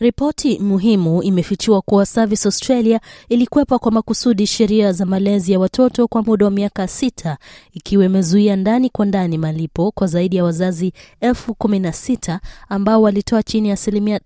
Ripoti muhimu imefichua kuwa Service Australia ilikwepa kwa makusudi sheria za malezi ya watoto kwa muda wa miaka sita ikiwa imezuia ndani kwa ndani malipo kwa zaidi ya wazazi elfu kumi na sita ambao walitoa chini ya asilimia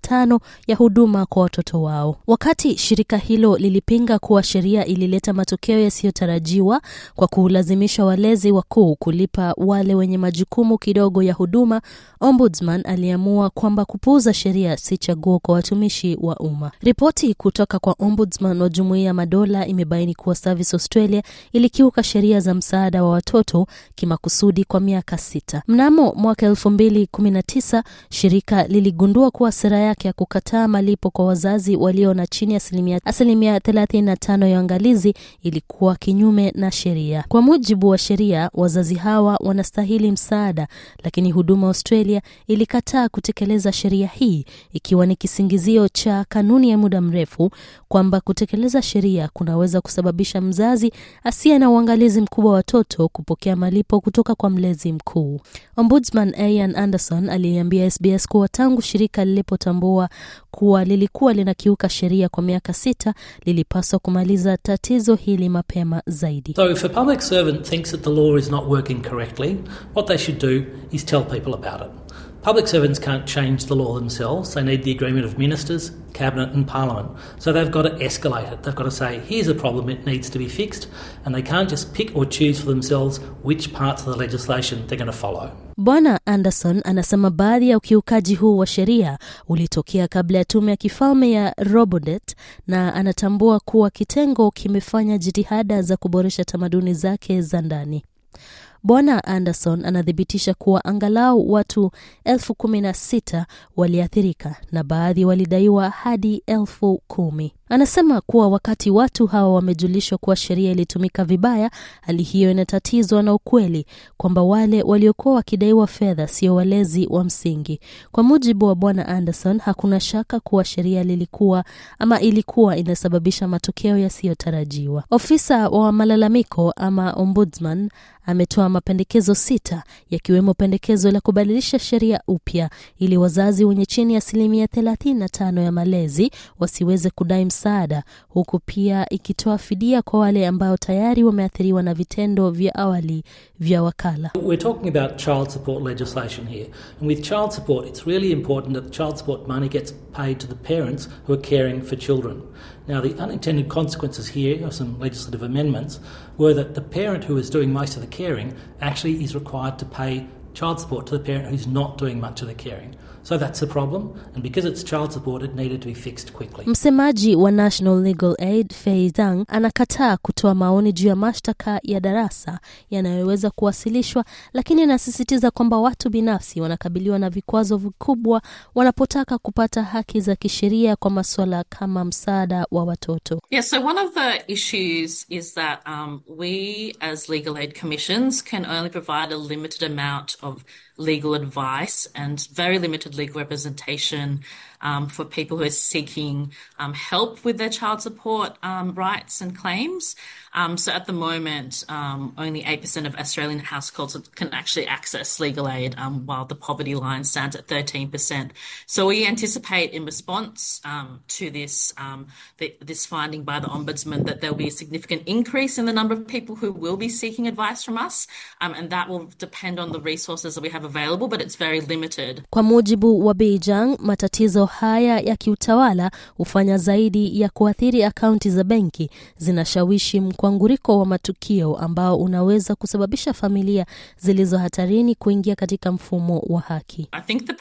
tano ya huduma kwa watoto wao. Wakati shirika hilo lilipinga kuwa sheria ilileta matokeo yasiyotarajiwa kwa kuulazimisha walezi wakuu kulipa wale wenye majukumu kidogo ya huduma, Ombudsman aliamua kwamba kupuuza sheria si chaguo kwa watumishi wa umma. Ripoti kutoka kwa ombudsman wa Jumuiya ya Madola imebaini kuwa Service Australia ilikiuka sheria za msaada wa watoto kimakusudi kwa miaka sita. Mnamo mwaka elfu mbili kumi na tisa shirika liligundua kuwa sera yake ya kukataa malipo kwa wazazi walio na chini asilimia asilimia thelathini na tano ya uangalizi ilikuwa kinyume na sheria. Kwa mujibu wa sheria, wazazi hawa wanastahili msaada, lakini Huduma Australia ilikataa kutekeleza sheria hii iki ikiwa ni kisingizio cha kanuni ya muda mrefu kwamba kutekeleza sheria kunaweza kusababisha mzazi asiye na uangalizi mkubwa watoto kupokea malipo kutoka kwa mlezi mkuu. Ombudsman Ian Anderson aliyeambia SBS kuwa tangu shirika lilipotambua kuwa lilikuwa linakiuka sheria kwa miaka sita, lilipaswa kumaliza tatizo hili mapema zaidi. So if a public servant thinks that the law is not working correctly, what they should do is tell people about it. Public servants can't change the law themselves. They need the agreement of ministers, cabinet, and parliament. So they've got to escalate it. They've got to say, here's a problem, it needs to be fixed. And they can't just pick or choose for themselves which parts of the legislation they're going to follow. Bwana Anderson anasema baadhi ya ukiukaji huu wa sheria ulitokea kabla ya tume ya kifalme ya Robodet na anatambua kuwa kitengo kimefanya jitihada za kuboresha tamaduni zake za ndani. Bwana Anderson anathibitisha kuwa angalau watu elfu kumi na sita waliathirika na baadhi walidaiwa hadi elfu kumi. Anasema kuwa wakati watu hawa wamejulishwa kuwa sheria ilitumika vibaya, hali hiyo inatatizwa na ukweli kwamba wale waliokuwa wakidaiwa fedha sio walezi wa msingi. Kwa mujibu wa Bwana Anderson, hakuna shaka kuwa sheria lilikuwa ama ilikuwa inasababisha matokeo yasiyotarajiwa. Ofisa wa malalamiko ama ombudsman ametoa mapendekezo sita yakiwemo pendekezo la kubadilisha sheria upya ili wazazi wenye chini ya asilimia tano ya malezi wasiweze kudai msaada, huku pia ikitoa fidia kwa wale ambao tayari wameathiriwa na vitendo vya awali vya wakala. We're talking about child support legislation here. And with child support, it's really important that child support money gets paid to the parents who are caring for children. Now, the unintended consequences here of some legislative amendments were that the parent who is doing most of the caring actually is required to pay child support to the parent who's not doing much of the caring. So that's a problem, and because it's child support, it needed to be fixed quickly. Msemaji wa National Legal Aid Fei Zhang anakataa kutoa maoni juu ya mashtaka ya darasa yanayoweza kuwasilishwa, lakini anasisitiza kwamba watu binafsi wanakabiliwa na vikwazo vikubwa wanapotaka kupata haki za kisheria kwa masuala kama msaada wa watoto. Yeah, so one of the issues is that um, we as legal aid commissions can only provide a limited amount of legal advice and very limited representation um, for people who are seeking um, help with their child support um, rights and claims. so at the moment, only 8% of Australian households can actually access legal aid, while the poverty line stands at 13%. So we anticipate in response to this, this finding by the Ombudsman that there'll be a significant increase in the number of people who will be seeking advice from us, and that will depend on the resources that we have available, but it's very limited. Kwa mujibu wa Beijing, matatizo haya ya kiutawala hufanya zaidi ya kuathiri akaunti za benki, zinashawishi mkwanguriko wa matukio ambao unaweza kusababisha familia zilizo hatarini kuingia katika mfumo wa haki. I think the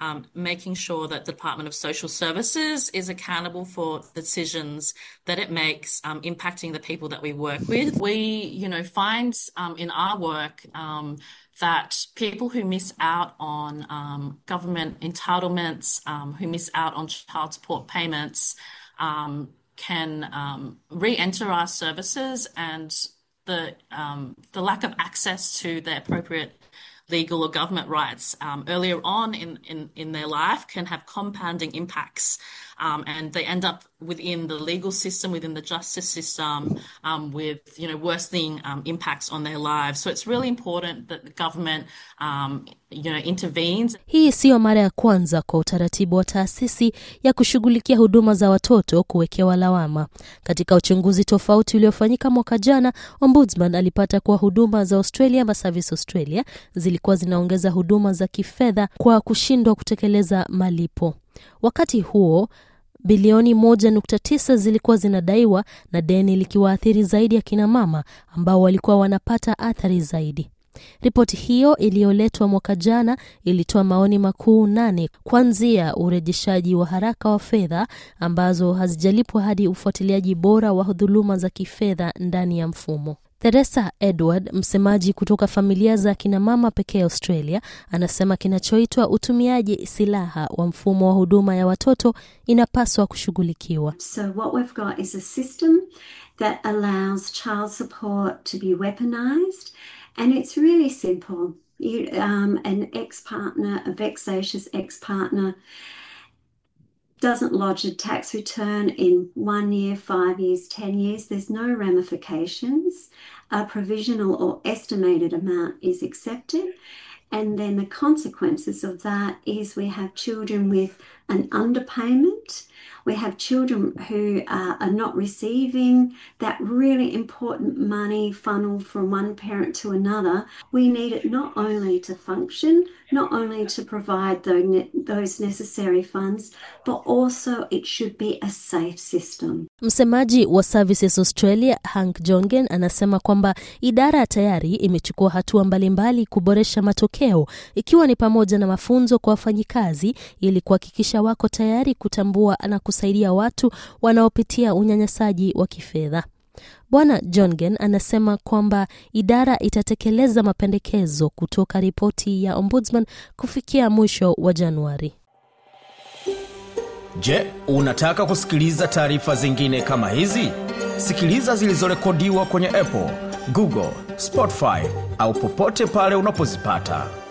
um, making sure that the Department of Social Services is accountable for decisions that it makes um, impacting the people that we work with. We, you know, find um, in our work um, that people who miss out on um, government entitlements, um, who miss out on child support payments, can re-enter our services and the the lack of access to the appropriate legal or government rights um, earlier on in, in, in their life can have compounding impacts um, and they end up within the legal system, within the justice system, um, with you know worsening um, impacts on their lives. So it's really important that the government um, you know intervenes. Hii siyo mara ya kwanza kwa utaratibu wa taasisi ya kushughulikia huduma za watoto kuwekewa lawama. Katika uchunguzi tofauti uliofanyika mwaka jana, Ombudsman alipata kuwa huduma za Australia ama Service Australia zilikuwa zinaongeza huduma za kifedha kwa kushindwa kutekeleza malipo. Wakati huo bilioni 1.9 zilikuwa zinadaiwa na deni likiwaathiri zaidi akina mama ambao walikuwa wanapata athari zaidi. Ripoti hiyo iliyoletwa mwaka jana ilitoa maoni makuu nane kuanzia urejeshaji wa haraka wa fedha ambazo hazijalipwa hadi ufuatiliaji bora wa dhuluma za kifedha ndani ya mfumo. Theresa Edward, msemaji kutoka familia za kinamama pekee Australia, anasema kinachoitwa utumiaji silaha wa mfumo wa huduma ya watoto inapaswa kushughulikiwa. So what we've got is a system that allows child support to be weaponized and it's really simple. You, um, an ex-partner, a vexatious ex-partner doesn't lodge a tax return in one year, five years, 10 years, there's no ramifications. A provisional or estimated amount is accepted. And then the consequences of that is we have children with an underpayment. We have children who uh, are not receiving that really important money funnel from one parent to another. We need it not only to function, not only to provide those necessary funds, but also it should be a safe system. Msemaji wa Services Australia Hank Jongen anasema kwamba idara tayari imechukua hatua mbalimbali kuboresha matokeo ikiwa ni pamoja na mafunzo kwa wafanyikazi ili kuhakikisha kuhakikisha wako tayari kutambua na kusaidia watu wanaopitia unyanyasaji wa kifedha. Bwana Jongen anasema kwamba idara itatekeleza mapendekezo kutoka ripoti ya Ombudsman kufikia mwisho wa Januari. Je, unataka kusikiliza taarifa zingine kama hizi? Sikiliza zilizorekodiwa kwenye Apple, Google, Spotify au popote pale unapozipata.